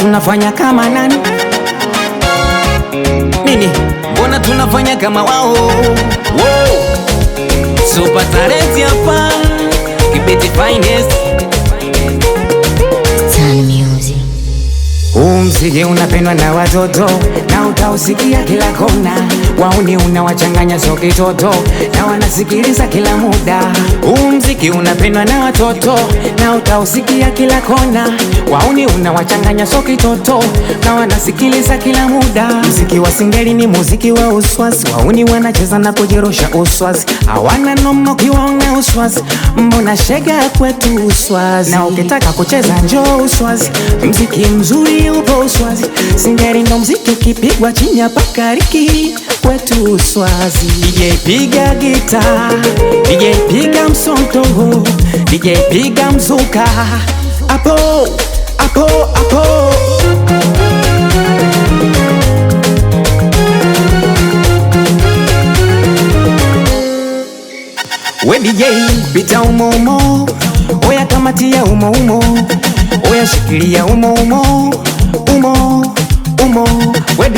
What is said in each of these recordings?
tunafanya kama nani? Nini? Mbona tunafanya kama wao? Wow. Super talent hapa, keep finest usije unapendwa na watoto na utausikia kila kona, wauni unawachanganya so kitoto na wanasikiliza kila muda. Huu mziki unapendwa na watoto na utausikia kila kona, wauni unawachanganya so kitoto na wanasikiliza kila muda. Mziki wa singeli ni muziki wa uswazi, wauni wanacheza na kujirusha uswazi, hawana noma kiwaona uswazi, mbona shega kwetu uswazi, na ukitaka kucheza njoo uswazi, mziki mzuri upo Uswazi, singeli ndo mziki ukipigwa chini hapa kwetu Uswazi. DJ piga gita, DJ piga msonto, DJ piga mzuka, apo apo apo We DJ pita umo umo, oya kamatia umo umo, oya shikilia umo umo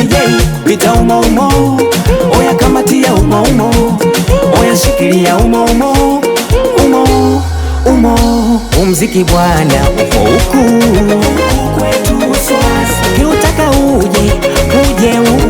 DJ pita umo umo, oya kamatia umo umo, oya shikilia umo umo, umo umo. Umziki bwana uko huku kwetu, kiutaka uje uje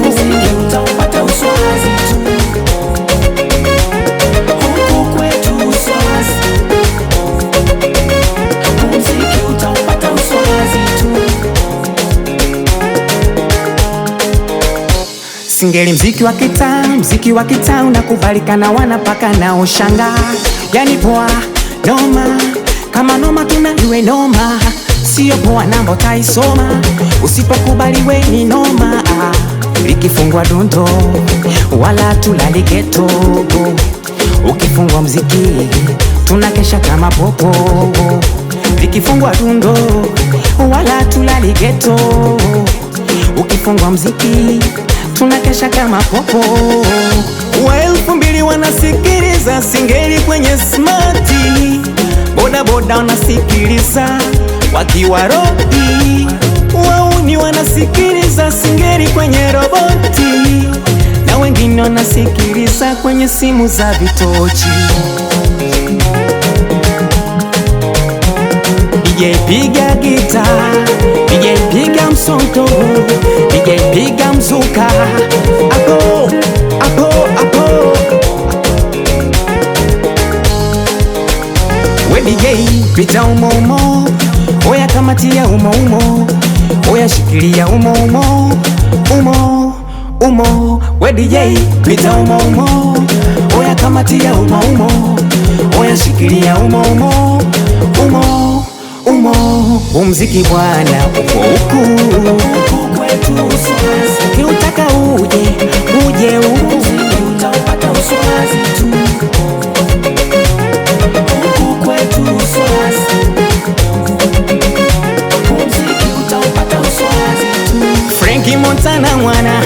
Singeli mziki wa kitaa, mziki wa kitaa unakubalika na wanapaka na ushanga. Yani poa noma, kama noma tunaliwe noma, sio poa namba utaisoma, usipokubali we ni noma. Likifungwa dundo wala tulali getogo, ukifungwa mziki tunakesha kama popo. Likifungwa dundo wala tulali geto, ukifungwa mziki tunakesha kama popo. Wa elfu mbili wanasikiliza singeli kwenye smati, bodaboda wanasikiliza wakiwa rodi, wauni wanasikiliza singeli kwenye roboti, na wengine wanasikiliza kwenye simu za vitochi. DJ piga gita, DJ piga msonto mzuka apo apo, ako wedijei pita umo umo, oya kamatia umo, oya shikilia umoumo umo umo umo, wedijei pita umo umo, oya kamatia umo, oya shikilia umoumo umo umo umziki bwana uko huku Ukiutaka uje uje Frankie Montana mwana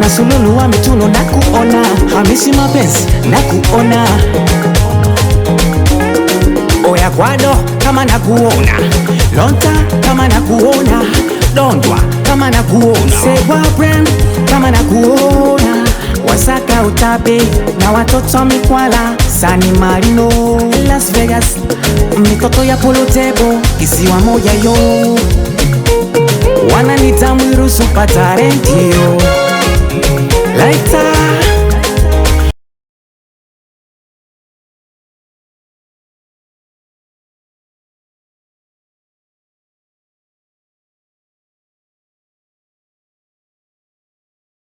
na sululu wa mituno na kuona Hamisi mapenzi na kuona oya kwado kama na kuona lonta kama na kuona dondwa kama na kuona sewa brand kama na kuona wasaka utabe na watoto mikwala Sani Marino Las Vegas mitoto ya polotebo kisiwa moja yo wananita mwirusu patarendio laita